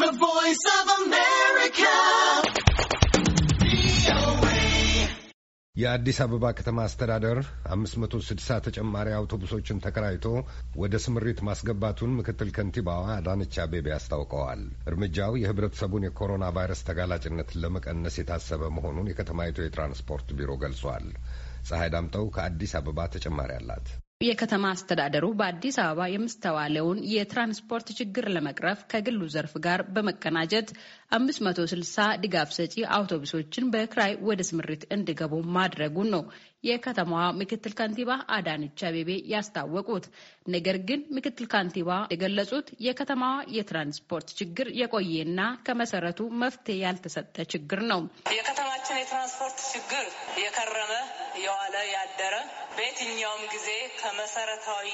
The Voice of America. የአዲስ አበባ ከተማ አስተዳደር 560 ተጨማሪ አውቶቡሶችን ተከራይቶ ወደ ስምሪት ማስገባቱን ምክትል ከንቲባዋ አዳነች አቤቤ አስታውቀዋል። እርምጃው የሕብረተሰቡን የኮሮና ቫይረስ ተጋላጭነት ለመቀነስ የታሰበ መሆኑን የከተማይቱ የትራንስፖርት ቢሮ ገልጿል። ፀሐይ ዳምጠው ከአዲስ አበባ ተጨማሪ አላት። የከተማ አስተዳደሩ በአዲስ አበባ የምስተዋለውን የትራንስፖርት ችግር ለመቅረፍ ከግሉ ዘርፍ ጋር በመቀናጀት 560 ድጋፍ ሰጪ አውቶቡሶችን በክራይ ወደ ስምሪት እንዲገቡ ማድረጉን ነው የከተማዋ ምክትል ከንቲባ አዳነች አቤቤ ያስታወቁት። ነገር ግን ምክትል ከንቲባ የገለጹት የከተማዋ የትራንስፖርት ችግር የቆየና ከመሰረቱ መፍትሄ ያልተሰጠ ችግር ነው። የከተማ የሀገራችን የትራንስፖርት ችግር የከረመ የዋለ ያደረ በየትኛውም ጊዜ ከመሰረታዊ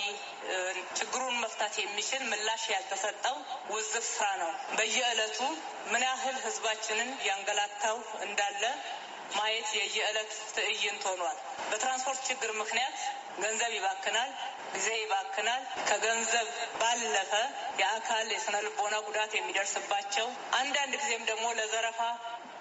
ችግሩን መፍታት የሚችል ምላሽ ያልተሰጠው ውዝፍ ስራ ነው። በየዕለቱ ምን ያህል ህዝባችንን ያንገላታው እንዳለ ማየት የየዕለት ትዕይንት ሆኗል። በትራንስፖርት ችግር ምክንያት ገንዘብ ይባክናል፣ ጊዜ ይባክናል። ከገንዘብ ባለፈ የአካል የስነ ልቦና ጉዳት የሚደርስባቸው አንዳንድ ጊዜም ደግሞ ለዘረፋ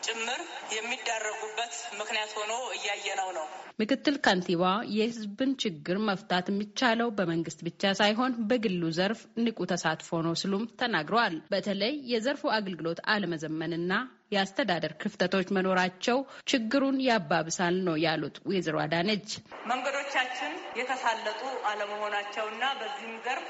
ጭምር የሚዳረጉበት ምክንያት ሆኖ እያየነው ነው። ምክትል ከንቲባ የህዝብን ችግር መፍታት የሚቻለው በመንግስት ብቻ ሳይሆን በግሉ ዘርፍ ንቁ ተሳትፎ ነው ሲሉም ተናግረዋል። በተለይ የዘርፉ አገልግሎት አለመዘመንና የአስተዳደር ክፍተቶች መኖራቸው ችግሩን ያባብሳል ነው ያሉት ወይዘሮ አዳነች። መንገዶቻችን የተሳለጡ አለመሆናቸውና በዚህም ዘርፍ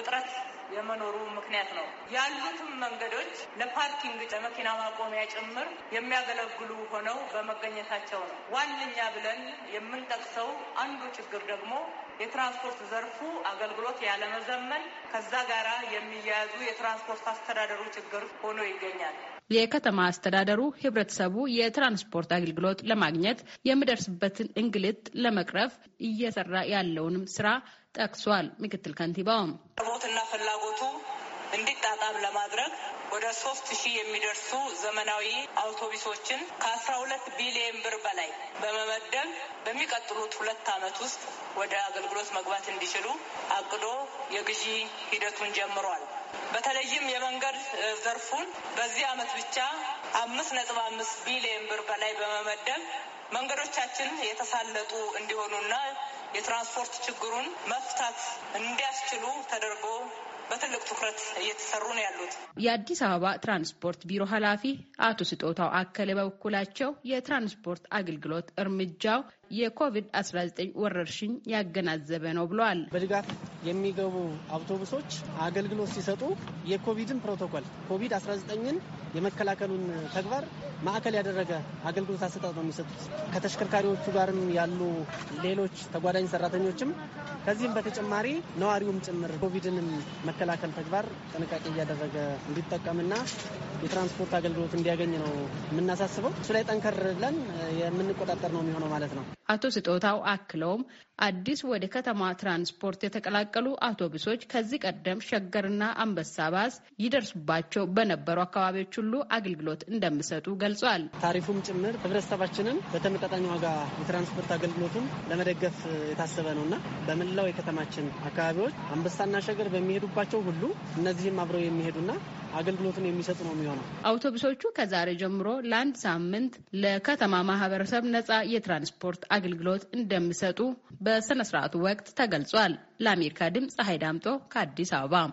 እጥረት የመኖሩ ምክንያት ነው። ያሉትም መንገዶች ለፓርኪንግ ለመኪና ማቆሚያ ጭምር የሚያገለግሉ ሆነው በመገኘታቸው ነው። ዋነኛ ብለን የምንጠቅሰው አንዱ ችግር ደግሞ የትራንስፖርት ዘርፉ አገልግሎት ያለመዘመን ከዛ ጋራ የሚያያዙ የትራንስፖርት አስተዳደሩ ችግር ሆኖ ይገኛል። የከተማ አስተዳደሩ ህብረተሰቡ የትራንስፖርት አገልግሎት ለማግኘት የሚደርስበትን እንግልት ለመቅረፍ እየሰራ ያለውንም ስራ ጠቅሷል። ምክትል ከንቲባውም እንዲጠቃም ለማድረግ ወደ ሶስት ሺህ የሚደርሱ ዘመናዊ አውቶቡሶችን ከአስራ ሁለት ቢሊየን ብር በላይ በመመደብ በሚቀጥሉት ሁለት ዓመት ውስጥ ወደ አገልግሎት መግባት እንዲችሉ አቅዶ የግዢ ሂደቱን ጀምሯል። በተለይም የመንገድ ዘርፉን በዚህ ዓመት ብቻ አምስት ነጥብ አምስት ቢሊየን ብር በላይ በመመደብ መንገዶቻችን የተሳለጡ እንዲሆኑና የትራንስፖርት ችግሩን መፍታት እንዲያስችሉ ተደርጎ በትልቅ ትኩረት እየተሰሩ ነው ያሉት የአዲስ አበባ ትራንስፖርት ቢሮ ኃላፊ አቶ ስጦታው አከለ በበኩላቸው የትራንስፖርት አገልግሎት እርምጃው የኮቪድ-19 ወረርሽኝ ያገናዘበ ነው ብለዋል። በድጋፍ የሚገቡ አውቶቡሶች አገልግሎት ሲሰጡ የኮቪድን ፕሮቶኮል ኮቪድ-19ን የመከላከሉን ተግባር ማዕከል ያደረገ አገልግሎት አሰጣጥ ነው የሚሰጡት። ከተሽከርካሪዎቹ ጋርም ያሉ ሌሎች ተጓዳኝ ሰራተኞችም ከዚህም በተጨማሪ ነዋሪውም ጭምር ኮቪድንም መከላከል ተግባር ጥንቃቄ እያደረገ እንዲጠቀምና የትራንስፖርት አገልግሎት እንዲያገኝ ነው የምናሳስበው። እሱ ላይ ጠንከር ብለን የምንቆጣጠር ነው የሚሆነው ማለት ነው። አቶ ስጦታው አክለውም አዲስ ወደ ከተማ ትራንስፖርት የተቀላቀሉ አውቶቡሶች ከዚህ ቀደም ሸገርና አንበሳ ባስ ይደርሱባቸው በነበሩ አካባቢዎች ሁሉ አገልግሎት እንደሚሰጡ ገልጿል። ታሪፉም ጭምር ህብረተሰባችንን በተመጣጣኝ ዋጋ የትራንስፖርት አገልግሎቱን ለመደገፍ የታሰበ ነውና በመላው የከተማችን አካባቢዎች አንበሳና ሸገር በሚሄዱባቸው ሁሉ እነዚህም አብረው የሚሄዱና አገልግሎቱን የሚሰጡ ነው የሚሆነው። የሚሆነው። አውቶቡሶቹ ከዛሬ ጀምሮ ለአንድ ሳምንት ለከተማ ማህበረሰብ ነጻ የትራንስፖርት አገልግሎት እንደሚሰጡ በስነ ስርዓቱ ወቅት ተገልጿል። ለአሜሪካ ድምፅ ፀሐይ ዳምጦ ከአዲስ አበባ